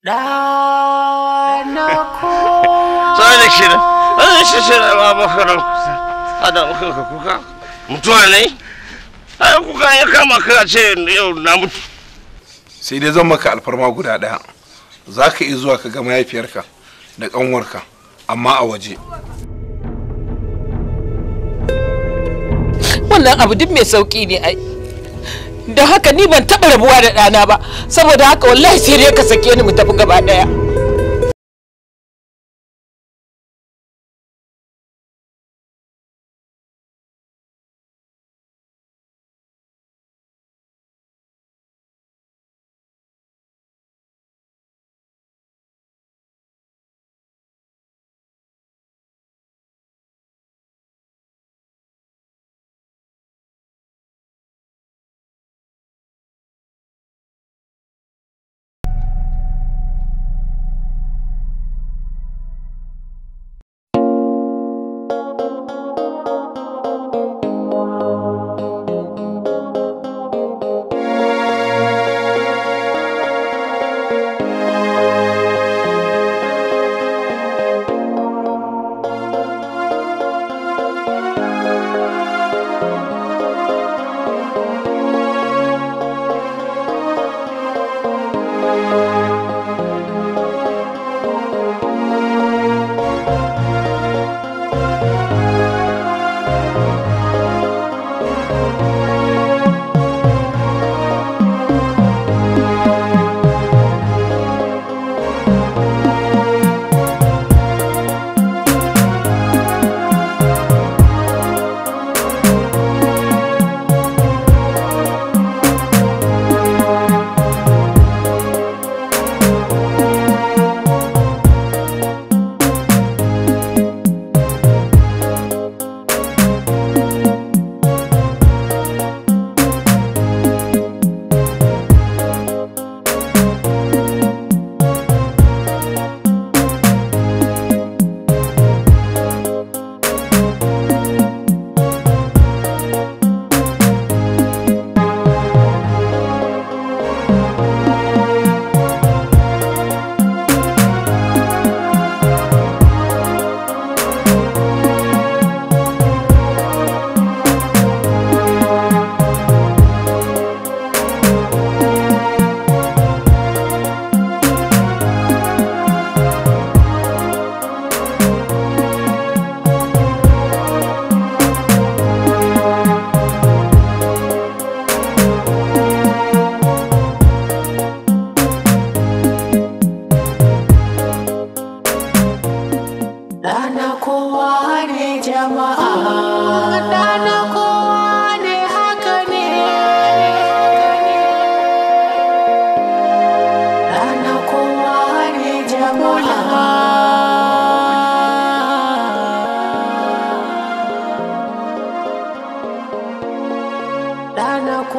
ɗana kowa tsada shida an shi shida ba bakarar kusa hada ka kuka mutuwa ne ai kuka ya kama ka ce yau na mutu sai dai zan maka alfarma guda ɗaya za ka yi zuwa ka ga mahaifiyarka da ƙanwarka amma a waje wannan abu duk mai sauƙi ne ai da haka ni ban taɓa rabuwa da ɗana ba saboda haka wallahi sai dai ka sake ni mu tafi gaba ɗaya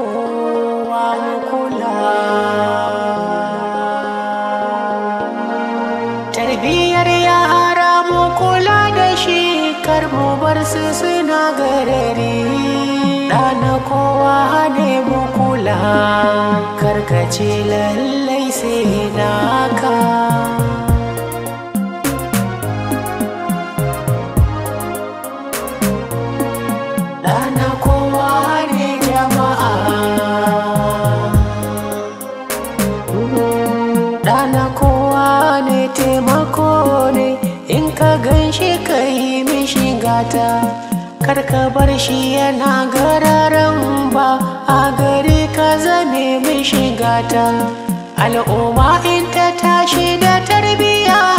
kowa kula tarbiyyar yara mu kula da shi kar mu bar su suna garari ɗana kowa ne mu kula karkace lallai sai ka. ta kar bar shi yana gararan ba a gari ka zame mai ta, al'umma in ta tashi da tarbiyya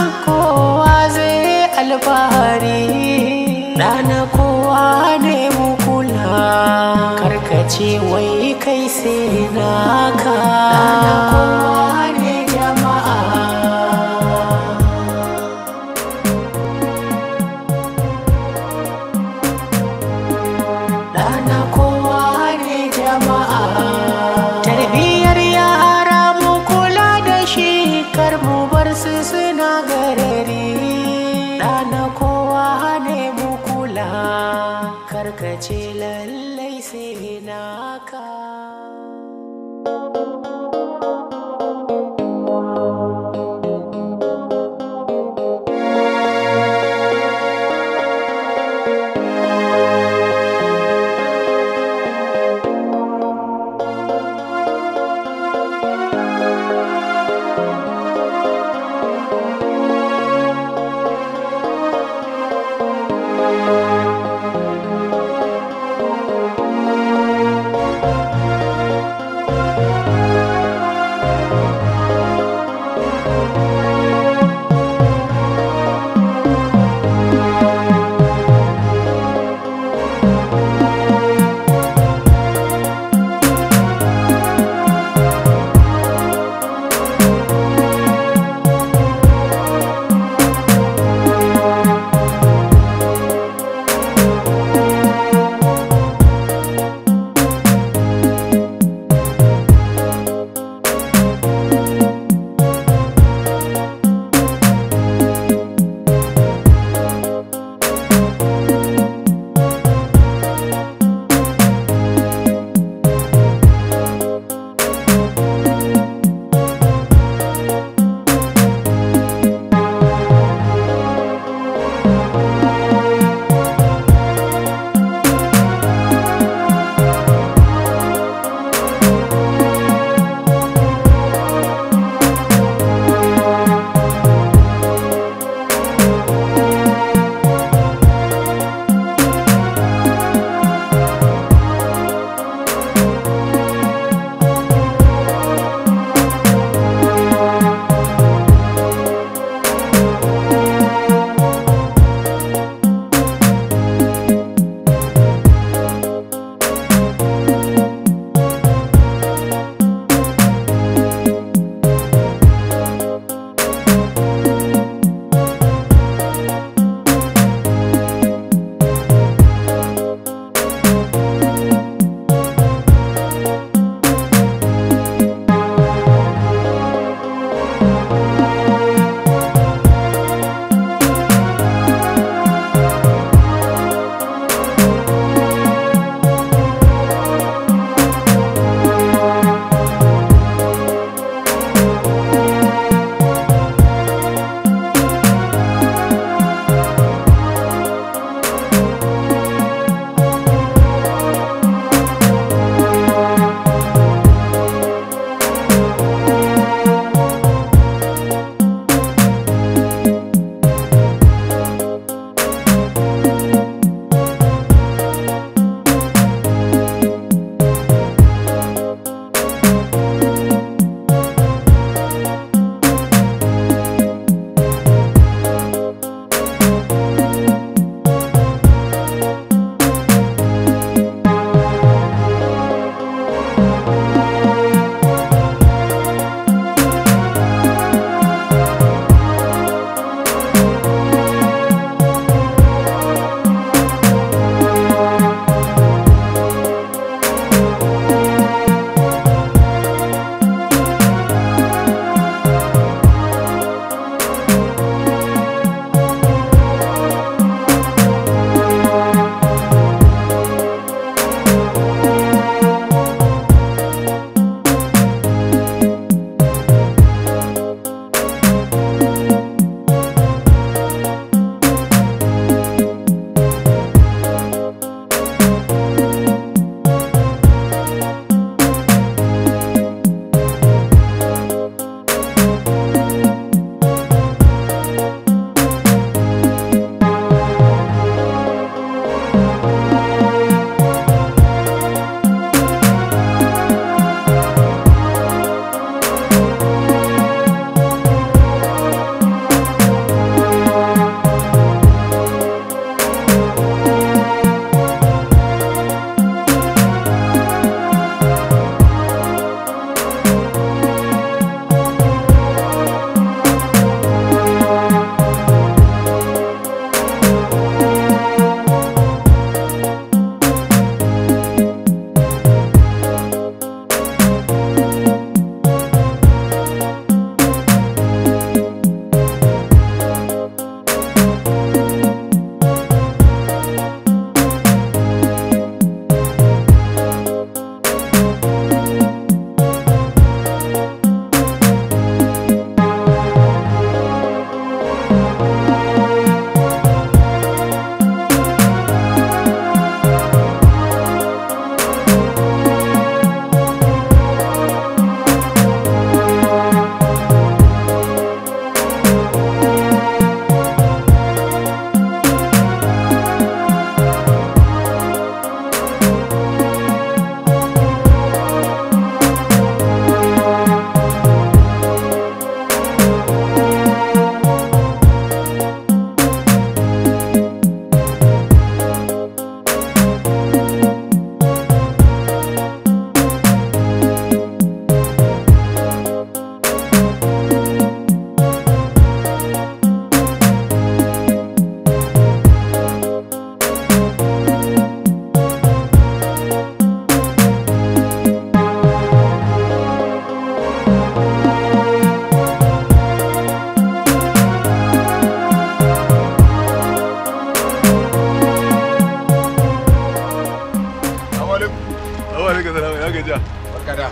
wa ya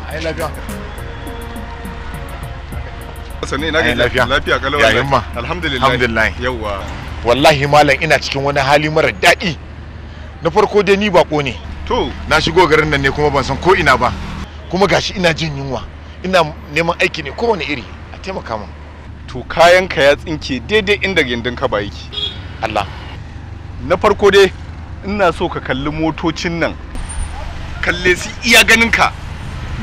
ai lafiya ya yamma alhamdulillah alhamdulillah yawa wallahi malam ina cikin wani hali mara daɗi na farko dai ni bako ne to na shigo garin nan ne kuma ban san ko ina ba kuma gashi ina jin yunwa ina neman aiki ne kowane iri a taimaka min to kayan ka ya tsinke daidai inda gindin ka ba Allah na farko dai ina so ka kalli motocin nan kalle su iya ganin ka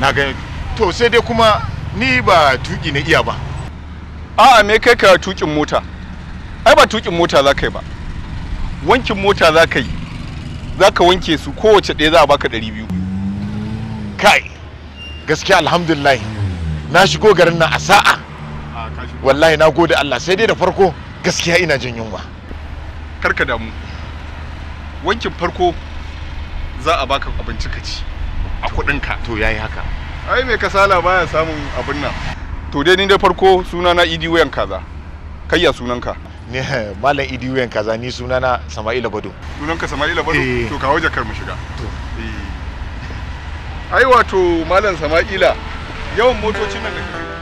na gani to sai dai kuma ni ba tuki na iya ba a'a me kai ka tukin mota ai ba tukin mota za ka yi ba wankin mota za ka yi za ka wanke su kowace ɗaya za a baka ɗari biyu kai gaskiya alhamdulillah na shigo garin nan a sa'a wallahi na gode Allah sai dai da farko gaskiya ina jin yunwa karka damu wankin farko za a baka abinci ka ci a kuɗin ka to yayi haka ai mai kasala baya samun abin nan to dai ni da farko suna na idi wayan kaza kai ya sunan ka ne malam idi wayan kaza ni suna na sama'ila bado sunan ka sama'ila bado eh. to kawo jakar mu shiga to eh. ai wato malam sama'ila yawan motocin nan da kai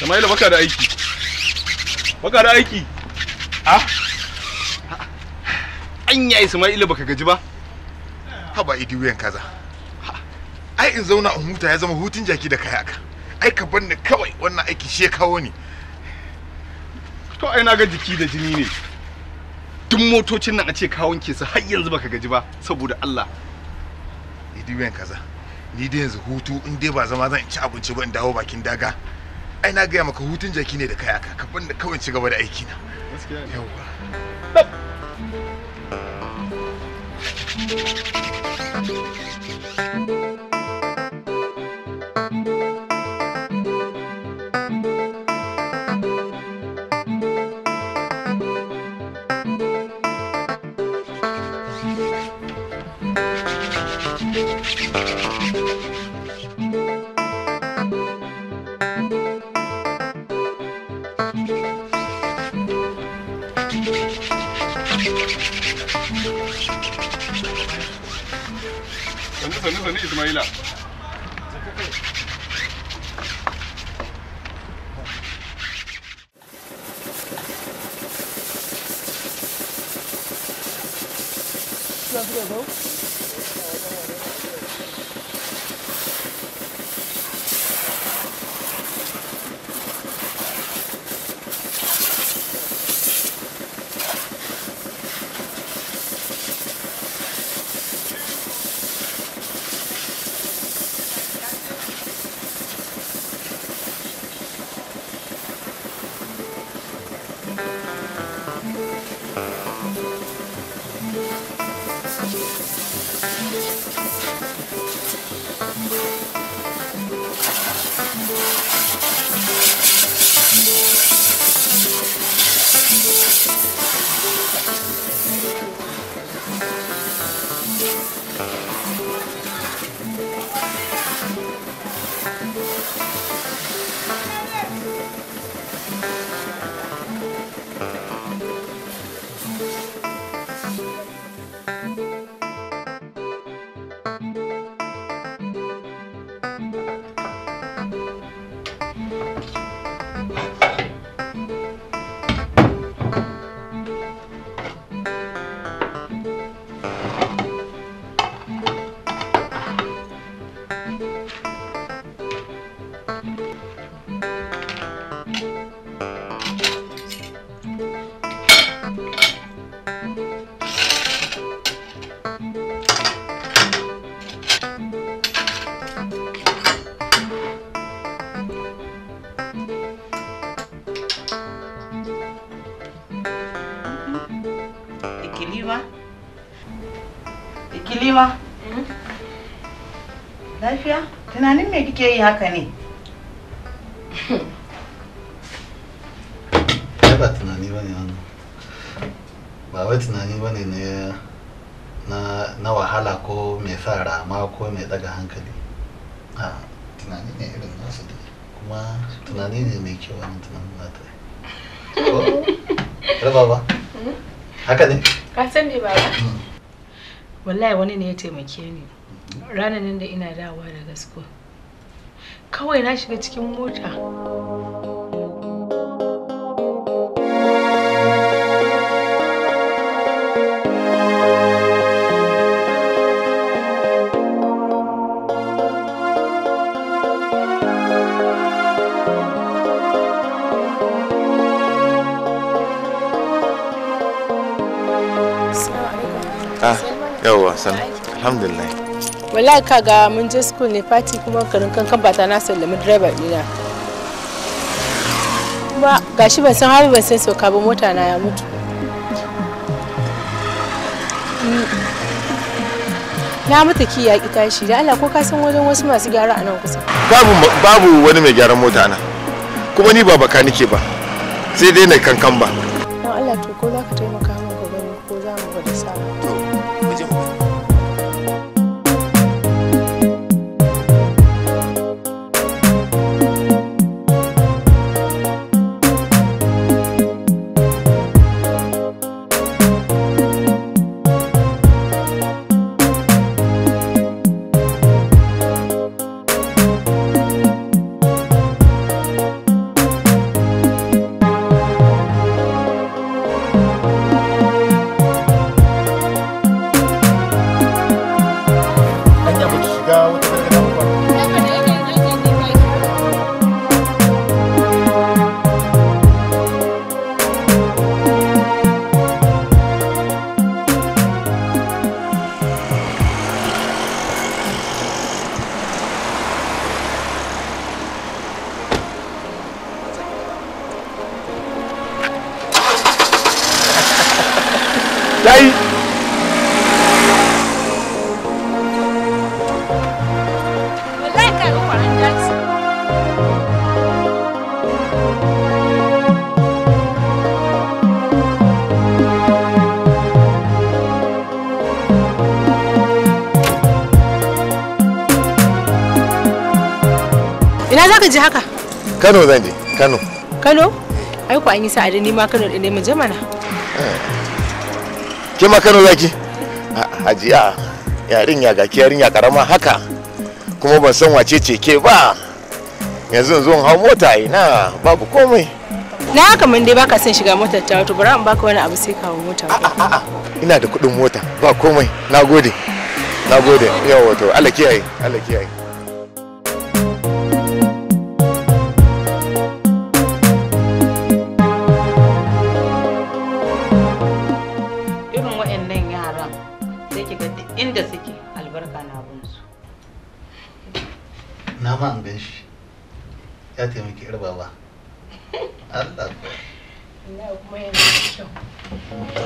Sama'ila baka da aiki. Baka da aiki. Ha? Anya Isma'ila baka gaji ba? Haba idi wuyan kaza. Ai in zauna in huta ya zama hutun jaki da kaya aka. Ai ka bar ni kawai wannan aiki shi ya kawo ni. To ai na ga jiki da jini ne. Duk motocin nan a ce kawon ke su har yanzu baka gaji ba saboda Allah. Idi wuyan kaza. Ni da yanzu hutu in dai ba zama zan ci abinci ba in dawo bakin daga. ai na gaya maka hutun jaki ne da kaya ka kafin da kawai ci gaba da aiki na Thank you. Ismaila. haka ne ba tunani ba ne wannan ba wai tunani ba ne na wahala ko mai sa rama ko mai daga hankali a tunani ne irin nasu da kuma tunani ne mai kyau wani tunanin ba ta raba ba haka ne ka san ne ba hmm. wallahi wani ne ya taimake ni hmm. ranar nan da ina dawowa daga school kawai na shiga cikin mota Ah, yawa, sana. Alhamdulillah. ka kaga mun je school ne party kuma karin kankan bata na sallami driver dina kuma gashi ban san hali ban san sauka ba mota na ya mutu na mata ki ya ki tashi da Allah ko ka san wajen wasu masu gyara a nan kusa babu babu wani mai gyaran mota na kuma ni ba baka nike ba sai dai na kankan ba Allah to ko za ka taimaka Ina za ka je haka? Kano zan je, Kano. Kano? Ai ku an yi sa'a ni ma Kano ɗin mu je mana. Eh. Ke ma Kano zaki? yarin yarinya ga yarin yarinya karama haka. Kuma ban san wace ce ke ba. Yanzu zo hau mota ina babu komai. Na haka mun dai baka son shiga motar ta wato bari in baka wani abu sai kawo mota. A'a ina da kuɗin mota ba komai. Nagode. Nagode. Yawa to Allah kiyaye. Allah kiyaye. ina ma an gan shi ya taimaki yar baba Allah kuma yana da kyau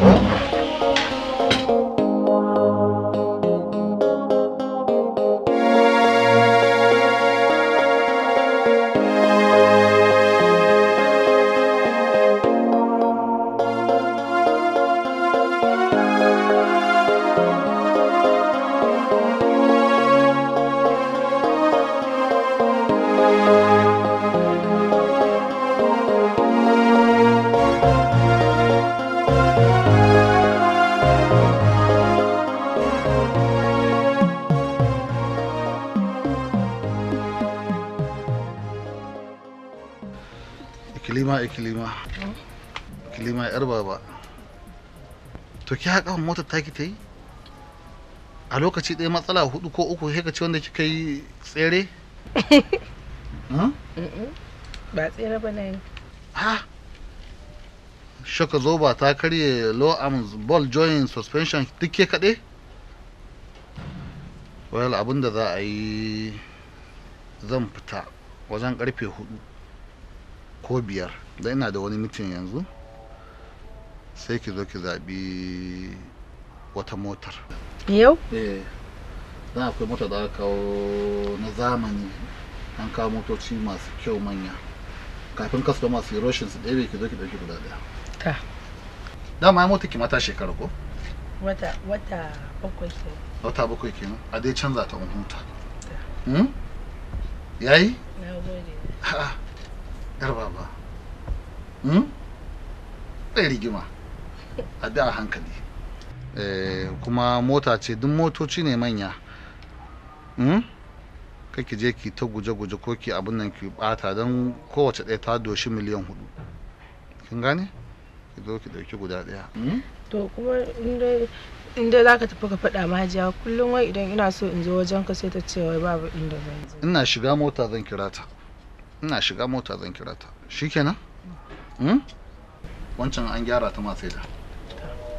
ki haƙa motar taki ta yi a lokaci ɗaya matsala hudu ko uku sai ka ci wanda kika yi tsere hmm? ba tsere ba yi ha shaka zoba ta karye low arms ball joint suspension duk ke kaɗe well abin da za a yi zan fita wajen karfe hudu ko biyar don ina da wani mutum yanzu sai ki zo ki zaɓi wata motar yau eh za akwai mota da aka kawo na zamani an kawo motoci masu kyau manya kafin kasuwa masu yi roshin su ɗaya ki zo ki ɗauki guda ɗaya ta dama ya mota ki mata shekara ko wata wata bakwai kenan wata bakwai kenan a dai canza ta huta hmm? yayi na gode yar baba hmm? ɗan rigima a da hankali eh, kuma mota ce duk motoci ne manya hmm? kake je ki ta guje-guje ko ki abin nan ki bata don kowace ɗaya ta doshi miliyan hudu kin gane ki zo ki ɗauki guda ɗaya hmm? to kuma inda za ka tafi ka faɗa majiya kullum wai idan ina so in zo wajen ka sai ta ce wai babu inda zan je ina shiga mota zan kira ta ina shiga mota zan kira ta shikenan hmm? wancan an gyara ta ma sai da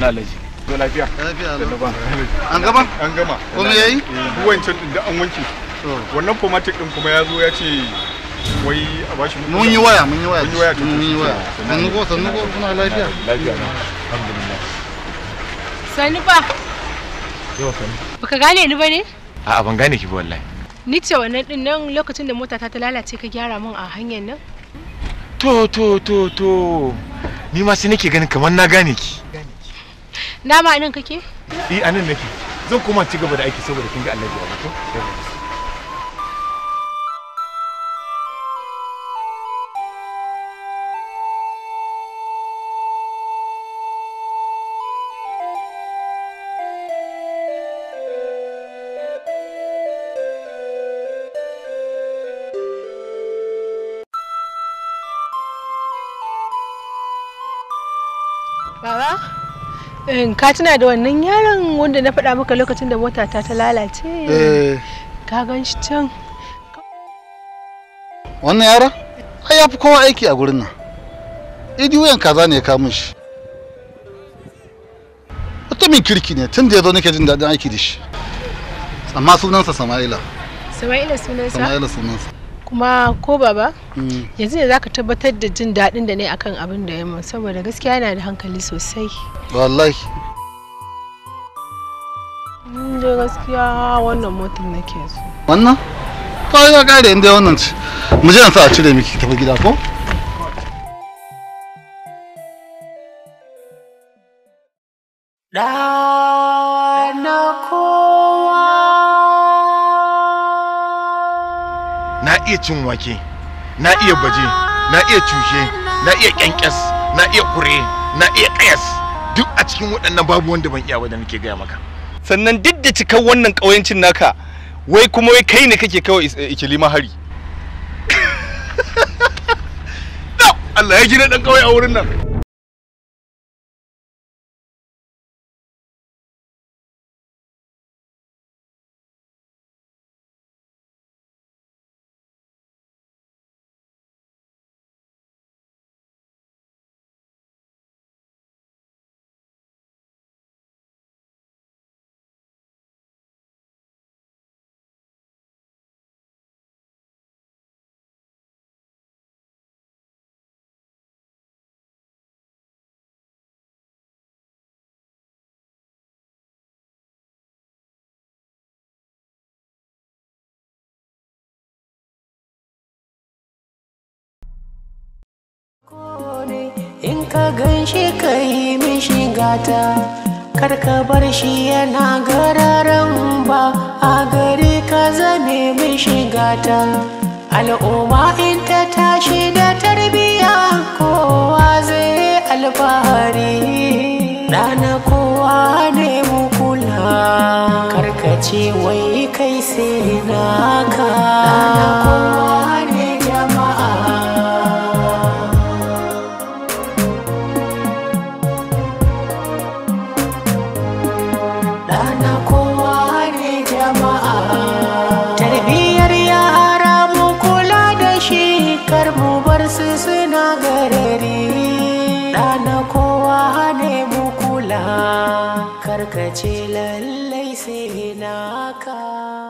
ina alhaji zo lafiya an gama an gama kuma yayi eh, wancan din da an wanke wannan formatic din kuma ya zo ya ce wai a bashi mun yi waya mun yi waya mun yi waya mun yi waya sannu ko sannu ko kuna lafiya lafiya alhamdulillah sannu ba yau sannu baka gane ni bane a'a ban gane ki ba wallahi ni ce wannan din nan lokacin da mota ta ta lalace ka gyara min a hanyar nan to to to to ni ma sai nake ganin kamar na gane ki dama anan kake eh anan nake zan koma ci gaba da aiki saboda kin ga Allah ya wato ka tuna da wannan yaron wanda na faɗa maka lokacin da mota ta ta lalace? Eh. Ka gan shi can. Wannan yaron? Ai ya fi kowa aiki a gurin nan. Idi wuyan kaza ne ya kamun shi. Mutumin kirki ne tun da ya zo nake jin daɗin aiki da shi. Amma sunansa Sama'ila. Sama'ila sunansa? Sama'ila sunansa. kuma ko baba mm. yanzu ne zaka tabbatar da jin daɗin da ne akan abin da ya mun saboda gaskiya yana da hankali sosai wallahi da gaskiya wannan motar nake so wannan kawai ga kare inda wannan ce mu je sa a cire miki tafi gida ko iya cin wake na iya baje na iya cushe na iya kyankyas na iya kure na iya kayas duk a cikin waɗannan babu wanda ban iya ba da nake gaya maka sannan duk da cikan wannan ƙauyancin naka wai kuma wai kai ne kake kawai eh, ikilima hari Allah ya gina ɗan kawai a wurin nan ka gan shi ka yi mishi gata kar ka bar shi yana gararan ba a gari ka zame min mishi gata al'umma in ta tashi da tarbiyya kowa zai alfahari ɗana kowa ne mu kula Kar ka ce wai kai sai naka ɗana kowa ne naka